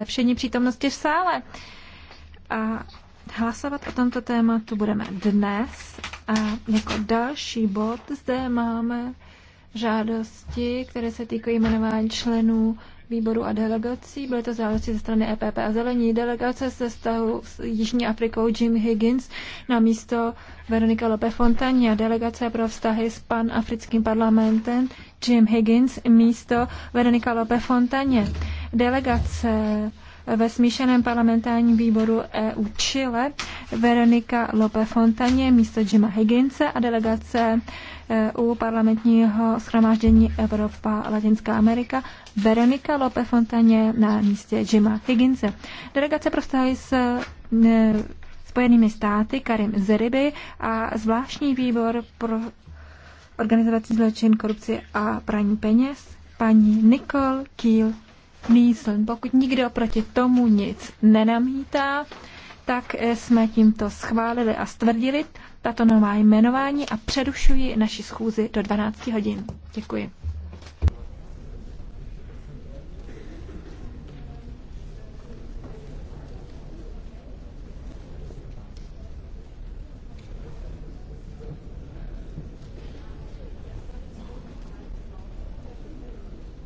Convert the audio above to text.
zlepšení přítomnosti v sále. A hlasovat o tomto tématu budeme dnes. A jako další bod zde máme žádosti, které se týkají jmenování členů výboru a delegací. Byly to záležitosti ze strany EPP a zelení. Delegace se stahu s Jižní Afrikou Jim Higgins na místo Veronika Lope Fontani a delegace pro vztahy s panafrickým parlamentem Jim Higgins místo Veronika Lope Fontaně delegace ve smíšeném parlamentárním výboru EU Chile Veronika Lope Fontaně místo Jima Higginse a delegace e u parlamentního schromáždění Evropa Latinská Amerika Veronika Lope Fontaně na místě Jima Higginse. Delegace prostávají s e, Spojenými státy Karim Zeriby a zvláštní výbor pro organizaci zločin, korupci a praní peněz paní Nicole Kiel Nýsl. Pokud nikdo proti tomu nic nenamítá, tak eh, jsme tímto schválili a stvrdili tato nová jmenování a přerušuji naši schůzi do 12 hodin. Děkuji.